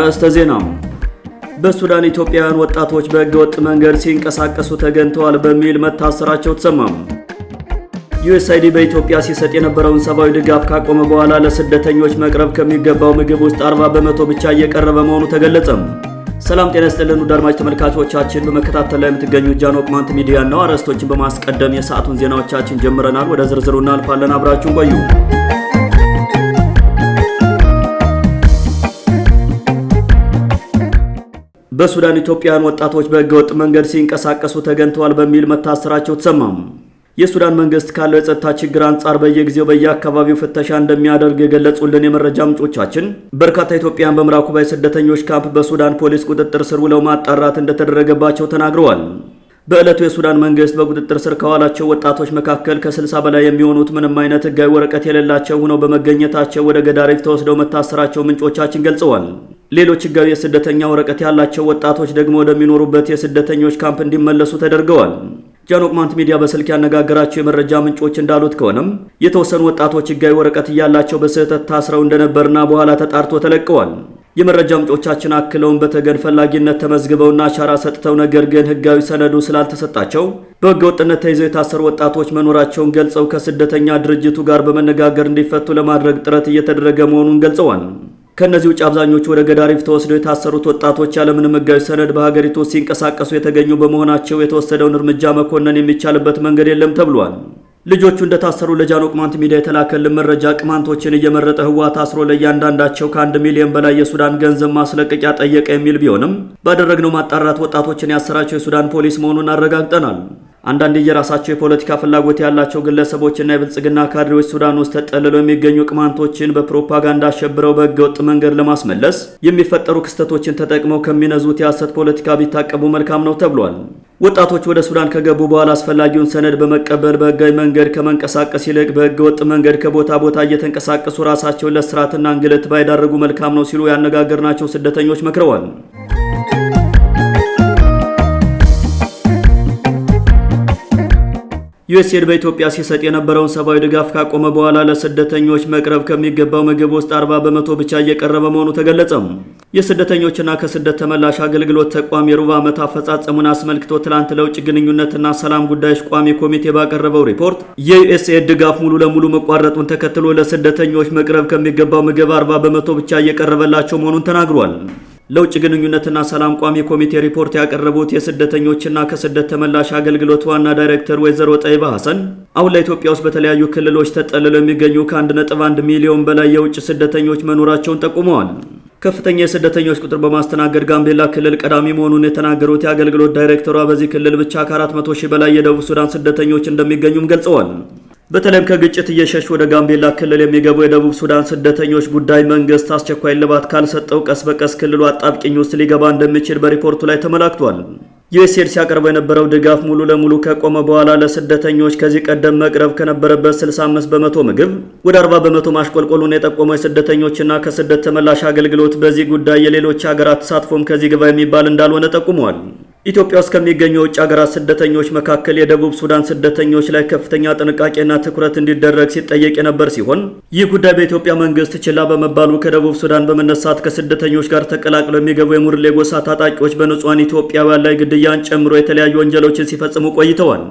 አርዕስተ ዜና። በሱዳን ኢትዮጵያውያን ወጣቶች በህገወጥ መንገድ ሲንቀሳቀሱ ተገኝተዋል በሚል መታሰራቸው ተሰማም። ዩኤስአይዲ በኢትዮጵያ ሲሰጥ የነበረውን ሰብአዊ ድጋፍ ካቆመ በኋላ ለስደተኞች መቅረብ ከሚገባው ምግብ ውስጥ 40 በመቶ ብቻ እየቀረበ መሆኑ ተገለጸም። ሰላም ጤና ይስጥልን ውድ አድማጭ ተመልካቾቻችን፣ በመከታተል ላይ የምትገኙ ጃን ቅማንት ሚዲያ ነው። አርዕስቶችን በማስቀደም የሰዓቱን ዜናዎቻችን ጀምረናል። ወደ ዝርዝሩ እናልፋለን። አብራችሁን ቆዩ። በሱዳን ኢትዮጵያውያን ወጣቶች በህገወጥ መንገድ ሲንቀሳቀሱ ተገኝተዋል በሚል መታሰራቸው ተሰማም። የሱዳን መንግስት ካለው የጸጥታ ችግር አንጻር በየጊዜው በየአካባቢው ፍተሻ እንደሚያደርግ የገለጹልን የመረጃ ምንጮቻችን በርካታ ኢትዮጵያን በምዕራብ ኩባ ስደተኞች ካምፕ በሱዳን ፖሊስ ቁጥጥር ስር ውለው ማጣራት እንደተደረገባቸው ተናግረዋል። በዕለቱ የሱዳን መንግስት በቁጥጥር ስር ከዋላቸው ወጣቶች መካከል ከ60 በላይ የሚሆኑት ምንም አይነት ህጋዊ ወረቀት የሌላቸው ሆነው በመገኘታቸው ወደ ገዳሪፍ ተወስደው መታሰራቸው ምንጮቻችን ገልጸዋል። ሌሎች ህጋዊ የስደተኛ ወረቀት ያላቸው ወጣቶች ደግሞ ወደሚኖሩበት የስደተኞች ካምፕ እንዲመለሱ ተደርገዋል። ጃኖቅማንት ሚዲያ በስልክ ያነጋገራቸው የመረጃ ምንጮች እንዳሉት ከሆነም የተወሰኑ ወጣቶች ህጋዊ ወረቀት እያላቸው በስህተት ታስረው እንደነበርና በኋላ ተጣርቶ ተለቀዋል። የመረጃ ምንጮቻችን አክለውን በተገን ፈላጊነት ተመዝግበውና አሻራ ሰጥተው ነገር ግን ህጋዊ ሰነዱ ስላልተሰጣቸው በህገ ወጥነት ተይዘው የታሰሩ ወጣቶች መኖራቸውን ገልጸው ከስደተኛ ድርጅቱ ጋር በመነጋገር እንዲፈቱ ለማድረግ ጥረት እየተደረገ መሆኑን ገልጸዋል። ከእነዚህ ውጭ አብዛኞቹ ወደ ገዳሪፍ ተወስደው የታሰሩት ወጣቶች ያለምንም ሕጋዊ ሰነድ በሀገሪቱ ሲንቀሳቀሱ የተገኙ በመሆናቸው የተወሰደውን እርምጃ መኮነን የሚቻልበት መንገድ የለም ተብሏል። ልጆቹ እንደታሰሩ ለጃኖ ቅማንት ሚዲያ የተላከልን መረጃ ቅማንቶችን እየመረጠ ህወሓት አስሮ ለእያንዳንዳቸው ከአንድ ሚሊዮን በላይ የሱዳን ገንዘብ ማስለቀቂያ ጠየቀ የሚል ቢሆንም ባደረግነው ማጣራት ወጣቶችን ያሰራቸው የሱዳን ፖሊስ መሆኑን አረጋግጠናል። አንዳንድ የራሳቸው የፖለቲካ ፍላጎት ያላቸው ግለሰቦችና የብልጽግና ካድሬዎች ሱዳን ውስጥ ተጠልለው የሚገኙ ቅማንቶችን በፕሮፓጋንዳ አሸብረው በህገወጥ መንገድ ለማስመለስ የሚፈጠሩ ክስተቶችን ተጠቅመው ከሚነዙት የሐሰት ፖለቲካ ቢታቀቡ መልካም ነው ተብሏል። ወጣቶች ወደ ሱዳን ከገቡ በኋላ አስፈላጊውን ሰነድ በመቀበል በህጋዊ መንገድ ከመንቀሳቀስ ይልቅ በህገወጥ መንገድ ከቦታ ቦታ እየተንቀሳቀሱ ራሳቸውን ለስርዓትና እንግልት ባይዳረጉ መልካም ነው ሲሉ ያነጋገርናቸው ስደተኞች መክረዋል። ዩኤስኤድ በኢትዮጵያ ሲሰጥ የነበረውን ሰብአዊ ድጋፍ ካቆመ በኋላ ለስደተኞች መቅረብ ከሚገባው ምግብ ውስጥ 40 በመቶ ብቻ እየቀረበ መሆኑ ተገለጸም። የስደተኞችና ከስደት ተመላሽ አገልግሎት ተቋም የሩብ ዓመት አፈጻጸሙን አስመልክቶ ትላንት ለውጭ ግንኙነትና ሰላም ጉዳዮች ቋሚ ኮሚቴ ባቀረበው ሪፖርት የዩኤስኤድ ድጋፍ ሙሉ ለሙሉ መቋረጡን ተከትሎ ለስደተኞች መቅረብ ከሚገባው ምግብ 40 በመቶ ብቻ እየቀረበላቸው መሆኑን ተናግሯል። ለውጭ ግንኙነትና ሰላም ቋሚ ኮሚቴ ሪፖርት ያቀረቡት የስደተኞችና ከስደት ተመላሽ አገልግሎት ዋና ዳይሬክተር ወይዘሮ ጠይባ ሀሰን አሁን ለኢትዮጵያ ውስጥ በተለያዩ ክልሎች ተጠልለው የሚገኙ ከ1.1 ሚሊዮን በላይ የውጭ ስደተኞች መኖራቸውን ጠቁመዋል። ከፍተኛ የስደተኞች ቁጥር በማስተናገድ ጋምቤላ ክልል ቀዳሚ መሆኑን የተናገሩት የአገልግሎት ዳይሬክተሯ በዚህ ክልል ብቻ ከ400 ሺህ በላይ የደቡብ ሱዳን ስደተኞች እንደሚገኙም ገልጸዋል። በተለይም ከግጭት እየሸሽ ወደ ጋምቤላ ክልል የሚገቡ የደቡብ ሱዳን ስደተኞች ጉዳይ መንግስት አስቸኳይ እልባት ካልሰጠው ቀስ በቀስ ክልሉ አጣብቂኝ ውስጥ ሊገባ እንደሚችል በሪፖርቱ ላይ ተመላክቷል። ዩኤስኤድ ሲያቀርበው የነበረው ድጋፍ ሙሉ ለሙሉ ከቆመ በኋላ ለስደተኞች ከዚህ ቀደም መቅረብ ከነበረበት 65 በመቶ ምግብ ወደ 40 በመቶ ማሽቆልቆሉን የጠቆመው የስደተኞችና ከስደት ተመላሽ አገልግሎት በዚህ ጉዳይ የሌሎች ሀገራት ተሳትፎም ከዚህ ግባ የሚባል እንዳልሆነ ጠቁመዋል። ኢትዮጵያ ውስጥ ከሚገኙ የውጭ ሀገራት ስደተኞች መካከል የደቡብ ሱዳን ስደተኞች ላይ ከፍተኛ ጥንቃቄና ትኩረት እንዲደረግ ሲጠየቅ የነበር ሲሆን ይህ ጉዳይ በኢትዮጵያ መንግስት ችላ በመባሉ ከደቡብ ሱዳን በመነሳት ከስደተኞች ጋር ተቀላቅለው የሚገቡ የሙርሌ ጎሳ ታጣቂዎች በንጹሐን ኢትዮጵያውያን ላይ ግድያን ጨምሮ የተለያዩ ወንጀሎችን ሲፈጽሙ ቆይተዋል።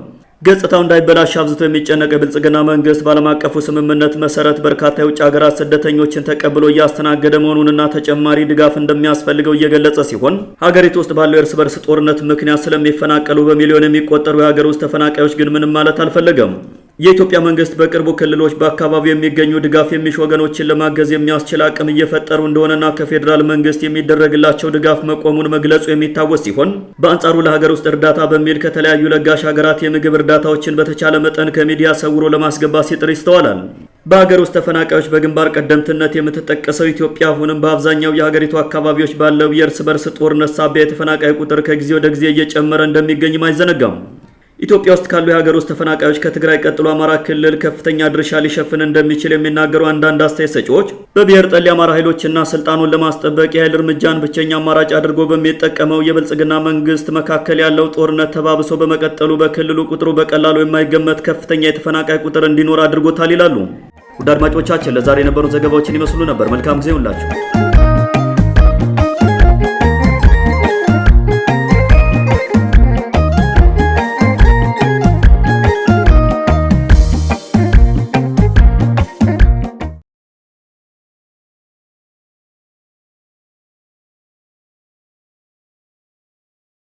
ገጽታው እንዳይበላሽ አብዝቶ የሚጨነቅ የብልጽግና መንግስት በዓለም አቀፉ ስምምነት መሰረት በርካታ የውጭ ሀገራት ስደተኞችን ተቀብሎ እያስተናገደ መሆኑንና ተጨማሪ ድጋፍ እንደሚያስፈልገው እየገለጸ ሲሆን ሀገሪቱ ውስጥ ባለው እርስ በርስ ጦርነት ምክንያት ስለሚፈናቀሉ በሚሊዮን የሚቆጠሩ የሀገር ውስጥ ተፈናቃዮች ግን ምንም ማለት አልፈለገም። የኢትዮጵያ መንግስት በቅርቡ ክልሎች በአካባቢው የሚገኙ ድጋፍ የሚሽ ወገኖችን ለማገዝ የሚያስችል አቅም እየፈጠሩ እንደሆነና ከፌዴራል መንግስት የሚደረግላቸው ድጋፍ መቆሙን መግለጹ የሚታወስ ሲሆን በአንጻሩ ለሀገር ውስጥ እርዳታ በሚል ከተለያዩ ለጋሽ ሀገራት የምግብ እርዳታዎችን በተቻለ መጠን ከሚዲያ ሰውሮ ለማስገባት ሲጥር ይስተዋላል። በሀገር ውስጥ ተፈናቃዮች በግንባር ቀደምትነት የምትጠቀሰው ኢትዮጵያ አሁንም በአብዛኛው የሀገሪቱ አካባቢዎች ባለው የእርስ በርስ ጦርነት ሳቢያ የተፈናቃይ ቁጥር ከጊዜ ወደ ጊዜ እየጨመረ እንደሚገኝም አይዘነጋም። ኢትዮጵያ ውስጥ ካሉ የሀገር ውስጥ ተፈናቃዮች ከትግራይ ቀጥሎ አማራ ክልል ከፍተኛ ድርሻ ሊሸፍን እንደሚችል የሚናገሩ አንዳንድ አስተያየት ሰጪዎች በብሔር ጠል የአማራ ኃይሎችና ስልጣኑን ለማስጠበቅ የኃይል እርምጃን ብቸኛ አማራጭ አድርጎ በሚጠቀመው የብልጽግና መንግስት መካከል ያለው ጦርነት ተባብሶ በመቀጠሉ በክልሉ ቁጥሩ በቀላሉ የማይገመት ከፍተኛ የተፈናቃይ ቁጥር እንዲኖር አድርጎታል ይላሉ። ውድ አድማጮቻችን ለዛሬ የነበሩን ዘገባዎችን ይመስሉ ነበር። መልካም ጊዜ ሁላችሁ